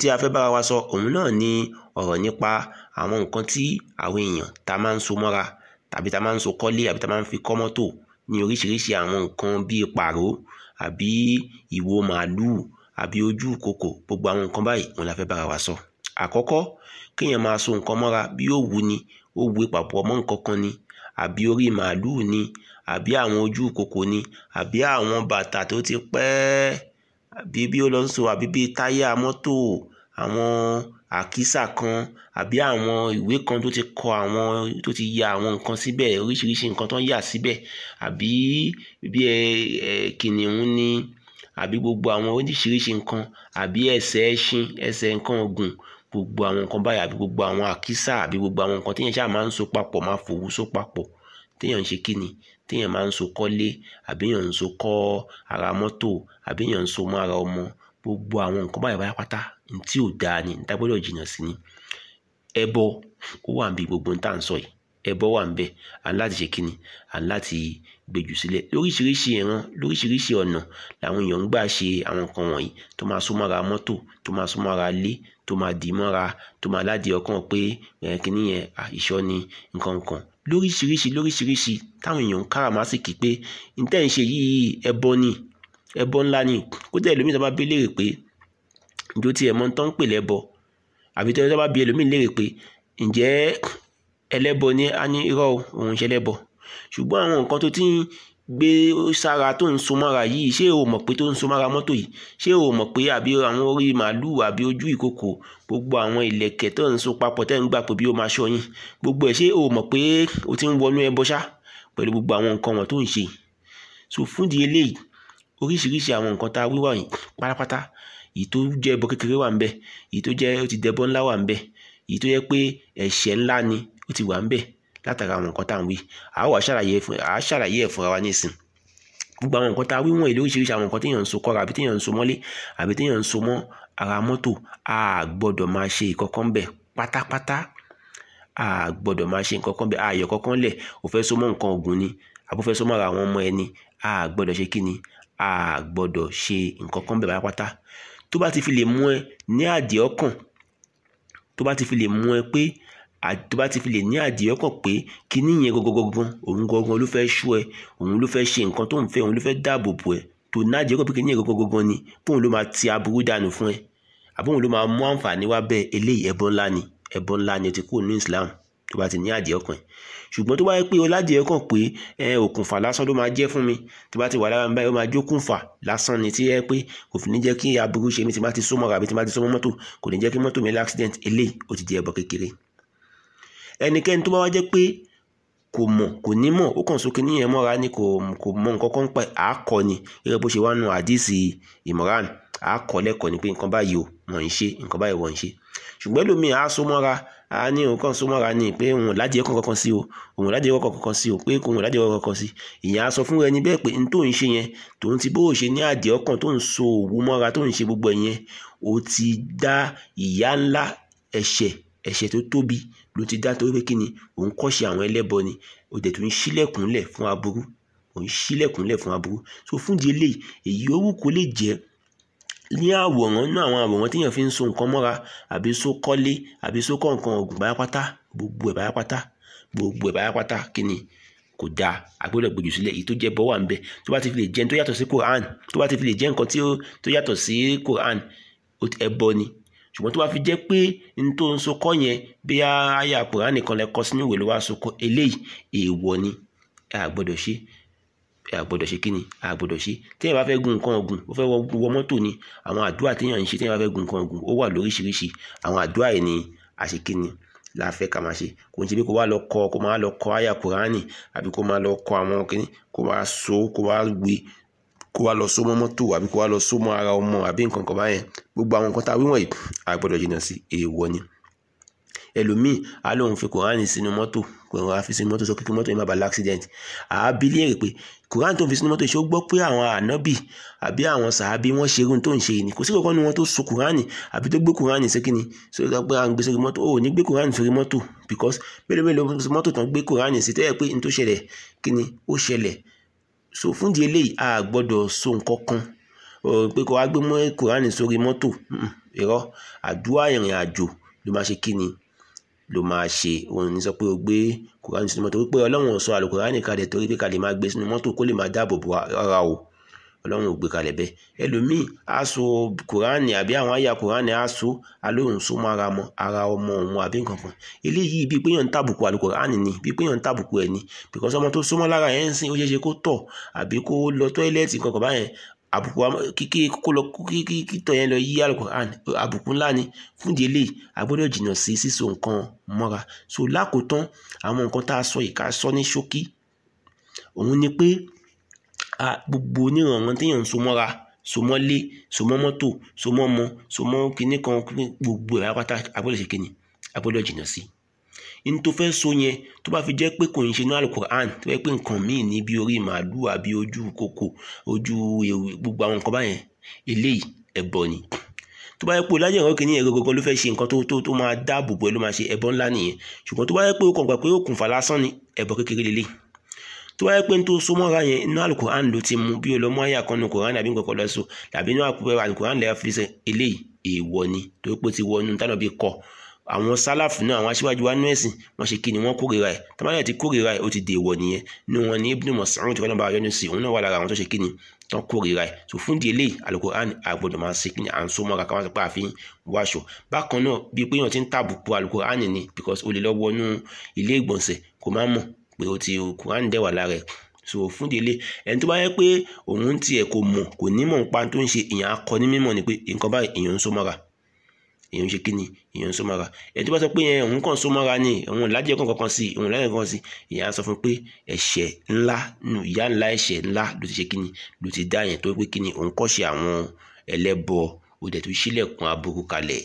tí a fẹ́ bára wa sọ òun náà ni ọ̀rọ̀ nípa àwọn nǹkan tí àwọn èèyàn ta máa ń so mọ́ra tàbí ta máa ń so kọ́lé àbí ta máa ń fi kọ́ mọ́tò ní oríṣiríṣi àwọn nǹkan bíi pàró àbí ìwo màálùú àbí ojú kòkò gbogbo àwọn nǹkan báyìí òun la fẹ́ bára wa sọ. àkọ́kọ́ kéèyàn máa so nǹkan mọ́ra bí òwú ni ó wé papọ̀ mọ́ nǹkan kan ni àbí orí màálùú ni àbí àwọn ojú kòkò ni àbí àwọn bàtà tó ti pẹ́ẹ́ àbí bí Alonso àbí bí táyà mọ́tò àwọn àkísà kan àbí àwọn ìwé kan tó ti kọ àwọn tó ti ya àwọn nǹkan síbẹ̀ oríṣiríṣi nǹkan tó ń yà síbẹ̀ àbí bí ẹ ẹ kìnìún ni àbí gbogbo àwọn oríṣiríṣi nǹkan àbí ẹsẹ̀ ẹṣin ẹsẹ̀ nǹkan ọ̀gùn gbogbo àwọn nǹkan báyìí àbí gbogbo àwọn àkísà àbí gbogbo àwọn nǹkan tí yẹn ṣáà máa ń so papọ̀ máa fòwú so papọ̀ téèyàn ń ṣe kíni téèyàn máa ń so kọ́lé àbí èèyàn ń so kọ́ ara mọ́tò àbí èèyàn ń so mọ́ ara ọmọ gbogbo àwọn nǹkan báyìí báyìí pátá tí ò dáa ni níta gbọ́dọ̀ jìnnà sí ni ẹbọ ó wà níbi gbogbo níta ń sọ yìí ẹbọ wà níbẹ̀ à ń láti ṣe kíni à ń láti gbèjù sílẹ̀ lóríṣiríṣi ìran lóríṣiríṣi ọ̀nà làwọn èèyàn ń gbà ṣe àwọn nǹkan wọ̀nyí tó máa sún mọ́ra mọ́tò tó máa sún mọ́ra ilé tó máa dì mọ́ra tó máa ládìí ọkàn pé kíní yẹn ìṣọ́ ni nǹkan kan lóríṣiríṣi lóríṣiríṣi táwọn èèyàn ń káràmásìkì pé ntẹ́ ń ṣe yìí ẹbọ ni ẹbọ ńlá ni kódà ẹlòmíì tó bá bí léèrè pé ǹjẹ́ ó ti ẹ̀mọ́ tán ń pè lẹ́bọ àbí tó bá bí ẹlòmíì léèrè pé ǹjẹ́ ẹlẹ́bọ ni a ní irọ́ òun ṣẹlẹ́bọ ṣùgbọ́n àwọn nǹkan tó ti ń gbé sára tó ń so yìí ṣé o mọ̀ pé tó ń so mọ́ra mọ́tò yìí ṣé o mọ̀ pé àbí àwọn orí màálùú àbí ojú ìkòkò gbogbo àwọn ìlẹ̀kẹ̀ tó ń so papọ̀ tẹ́ ń gbà pé bí ó máa ṣọ́ yín gbogbo ẹ̀ ṣé o mọ̀ pé o ti ń wọnú ẹbọ ṣá pẹ̀lú gbogbo àwọn nǹkan wọn tó ń ṣe so fúndì eléyìí oríṣiríṣi àwọn nǹkan tá a wíwà yìí pátápátá èyí tó jẹ́ ẹbọ kékeré wà ń bẹ èyí tó jẹ́ o ti dẹbọ ńlá wà ń bẹ èyí tó jẹ́ pé ẹ̀ṣẹ̀ ńlá ni ó ti wà ń látara àwọn nǹkan tá à ń wí à á wà ṣàlàyé ẹ̀ fúnra wa nísìn gbogbo àwọn nǹkan tá a wí wọ̀nyí lóríṣiríṣi àwọn nǹkan téèyàn ń so kọ́ra àbí téèyàn ń so mọ́lé àbí téèyàn ń so mọ́ ara mọ́tò a gbọ́dọ̀ máa ṣe ìkọ̀kan bẹ̀ pátápátá a gbọ́dọ̀ máa ṣe nǹkan kan bẹ̀ ààyò kankan lẹ̀ ò fẹ́ so mọ́ nǹkan ọ̀gùn ni àbò fẹ́ so mọ́ ara àwọn ọmọ ẹni a gbọ́dọ̀ ṣe kíni a gbọ́dọ̀ ṣe nǹkan kan bẹ̀ pátápátá tó bá ti fi lè mú ẹ ní àdìẹ́ ọkàn tó bá ti fi lè mú ẹ pé tó bá ti fi lè ní àdìẹ kàn pé kíní yẹn gangan òun gangan ló fẹ́ ṣú ẹ òun ló fẹ́ ṣe nǹkan tó ń fẹ́ òun ló fẹ́ dáàbò bò ẹ tó ní àdìẹ kàn pé kíní yẹn gangan ni bóun ló máa ti aburú dànù fún ẹ àbóun ló máa mú àǹfààní wá bẹ́ẹ̀ eléyìí ẹbọ ńlá ni ẹbọ ńlá ni ti kúrò ní Islam tó bá ti ní àdìẹ kàn ṣùgbọ́n tó bá yẹ pé ọládìẹ kàn pé ẹ òkùnfà lásán ló máa jẹ́ fún mi tó bá ti wà lára mi báyìí ó máa jókùnfà lásán ni tí ẹ pé kò fi ní jẹ́ kí aburú ṣe mi tí má ti sómọ́ra àbí tí má ti sómọ́ mọ́tò kò ní jẹ́ kí mọ́tò mi ní accident eléyìí ó ti di ẹbọ kékeré ẹnikẹ́ni tó bá wá jẹ́ pé kò mọ̀ kò ní mọ̀ ó kàn sókè níyẹn mọ́ra ni kò kò mọ nǹkan kan pẹ̀ á kọ́ ni gẹ́gẹ́ bó ṣe wá nu àdìsí Imran á lẹ́kọ̀ọ́ ni pé nǹkan báyìí ò wọ́n ń ṣe nǹkan báyìí wọ́n ń ṣe ṣùgbọ́n ẹlòmíì á so mọ́ra á ní òun kàn so mọ́ra ni pé òun ládìẹ kankan kan sí o òun ládìẹ kankan sí o pé òun ládìẹ kankan sí ìyẹn á sọ fún ẹni bẹ́ẹ̀ pé n tó ń ṣe yẹn tòun ti bó o ṣe ní àdìẹ ọkàn tó ń so òwú mọ́ra tó ń ṣe gbogbo ẹ̀yẹn o ti dá ìyá ńlá ẹ̀ṣẹ̀ ẹ̀ṣẹ̀ tó tóbi ló ti dá torí pé kí ni òun kọ́ṣe àwọn ẹlẹ́bọ ni ó dẹ̀ tún ṣílẹ̀kùnlẹ̀ fún aburú òun ṣílẹ̀kùnlẹ̀ fún aburú so fún di eléyìí èyí owó kò lè jẹ́ ní àwòrán náà àwọn àwòrán téèyàn fi ń so nǹkan mọ́ra àbí so kọ́lé àbí so kọ̀ọ̀kan ọ̀gùn báyápátá gbogbo ẹ̀ báyápátá gbogbo ẹ̀ báyápátá kí ni kò dáa agbọ́dọ̀ gbòjò sílẹ̀ èyí tó jẹ́ bọ́ wà ń tó bá ti fi lè jẹ́ tó yàtọ̀ sí Quran tó bá ti fi lè jẹ́ nǹkan tó yàtọ̀ sí Quran ẹbọ ni ṣùgbọ́n tó bá fi jẹ́ pé n tó ń so kọ́ yẹn bí aya Kùránì kan lẹ kọ sínú ìwé ló wá so kọ́ eléyìí èèwọ̀ ni a gbọ́dọ̀ ṣe a gbọ́dọ̀ ṣe kíni a ṣe téèyàn bá fẹ́ gun nǹkan ọ̀gùn ó fẹ́ wọ mọ́tò ni àwọn àdúrà téèyàn ń ṣe téèyàn bá fẹ́ gun nǹkan ọ̀gùn ó wà lóríṣiríṣi àwọn àdúrà yìí ni àṣekíni la fẹ́ ká máa ṣe kò ń ṣe pé kó wá lọ kọ kó máa lọ kọ aya Kùránì àbí kó máa lọ kọ àwọn kíní kó wá so kó wá wé kó wá lọ só mọ́ mọ́tò àbí kó wá lọ só mọ́ ara ọmọ àbí nǹkan kan báyẹn gbogbo àwọn nǹkan tá a wí wọ̀nyí a gbọ́dọ̀ jìnnà sí èèwọ̀ ni ẹlòmíì á lóun fi kòránì sínú mọ́tò kòrán á fi sínú mọ́tò sọ kí mọ́tò yẹn má ba l'accident àábí léèrè pé kòrán tó ń fi sínú mọ́tò yìí ṣé ó gbọ́ pé àwọn ànábì àbí àwọn sàábí wọ́n ṣe irun tó ń ṣe ni kò sí kankan nu wọn tó so kòránì àbí tó gbé kòránì sí kíni sórí pé à ń gbé sórí mọ́tò ò ní gbé kòránì sórí mọ́tò because mélòó mélòó mọ́tò tán gbé kòránì sí tẹ́lẹ̀ pé n tó ṣẹlẹ̀ kíni ó ṣẹlẹ̀ so fún di eléyìí a gbọ́dọ̀ so nǹkan kan pé kò wá gbé mọ́ kùránì sórí mọ́tò hmm, irọ́ àdúrà ìrìn àjò ló máa ṣe kí ni ló máa ṣe òun ní sọ pé o gbé kùránì sínú mọ́tò wípé ọlọ́run sọ àlùkùránì kalẹ̀ torí pé kalẹ̀ máa gbé sínú mọ́tò kó lè máa dáàbò bo ara o ọlọ́run ò gbé kalẹ̀ bẹ́ẹ̀ ẹlòmíì á so kùránì àbí àwọn àyà kùránì á so alóhùn so mọ́ ara mọ́ ara ọmọ òun àbí nǹkan kan eléyìí bíi pé yàn ń tàbùkù àlùkùránì ni bíi pé yàn ń tàbùkù ẹ̀ ni bìkọ́sọ́ ọmọ tó súnmọ́ lára yẹn ń sìn ó ṣeéṣe kó tọ̀ àbí kó lọ tọ́ílẹ̀tì kankan báyẹn àbùkù kíkí kó lọ kíkí tọ̀ yẹn lọ yí àlùkùránì àbùkù ńlá ni fún di eléyìí a gbọ́dọ̀ jìnnà sí sísọ nǹkan mọ́ra so lákòótán àwọn nǹkan tá a sọ yìí ká sọ ní ṣókí òun ni pé gbogbo onírànràn téèyàn ń so mọ́ra so mọ́ lé so mọ́ mọ́tò so mọ́ ọmọ so mọ́ kinní kan gbogbo ẹ̀ apáta agbọ́dọ̀ ṣe kinní agbọ́dọ̀ jìnnà sí n tó fẹ́ so yẹn tó bá fi jẹ́ pé kò ń ṣe ní alukur'an tó fẹ́ pé nǹkan míì ní bí orí màálùú àbí ojú kòkò ojú gbogbo àwọn nǹkan báyẹn eléyìí ẹbọ ni tó bá yẹ pé olájẹ ìrọ́kì ní ẹ̀rọ gangan ló fẹ́ ṣe nǹkan tó tó máa dáàbò bo ẹ ló máa ṣe ẹbọ ńlá nìyẹn ṣùgbọ́n tó bá yẹ pé ó kàn gbà pé ó kùnfà lásán ni ẹbọ kékeré lélẹ́yìí tó wáyé pé n tó so mọ́ra yẹn inú alukoran ló ti mú bí o lọ mú àyà kan nu koran àbí nǹkan kan lọ sùn tàbí inú alukoran lẹ́yà fi ṣe eléyìí èèwọ̀ ni tó pé ti wọ inú tánà bí kọ àwọn sálàfù náà àwọn aṣíwájú wa nú ẹ̀sìn wọ́n ṣe kí ni wọ́n kórìíra ẹ̀ tọ́mọ́lẹ̀ ti kórìíra ẹ̀ ó ti dè wọ̀ nìyẹn ní wọn ní Ibn Mas'ud tí wọ́n bá yọnu sí òun náà wà lára àwọn tó ṣe kí ni tán kórìíra ẹ̀ tó fún díẹ̀ léyìí Al-Qur'an máa ṣe kí ni à ń so mọ́ra káwọn sọpá àfi wáṣọ bákan náà bíi pé èèyàn ti ń tàbùkù al ni because o lè ilé ìgbọ̀nsẹ̀ kò má mọ̀ pé o ti Quran dẹ̀ wà lára ẹ̀ so fún délé ẹni tó bá yẹ pé òun tiẹ̀ kò mọ̀ kò ní mọ̀ nípa tó ń ṣe èèyàn akọ ní mímọ̀ ni pé nǹkan báyìí èèyàn ń so mọ́ra èèyàn ń ṣe kíni èèyàn ń so mọ́ra ẹni tó bá sọ pé yẹn òun kàn so mọ́ra ni òun lájẹ kankan kan sí òun lájẹ kankan sí èèyàn á sọ fún pé ẹ̀ṣẹ̀ ńlá ìyá ńlá ẹ̀ṣẹ̀ ńlá ló ti ṣe kíni ló ti dá yẹn tó pé kíni òun kọ́ ṣe àwọn ẹlẹ́bọ ó tó ṣílẹ̀kùn aburú kalẹ̀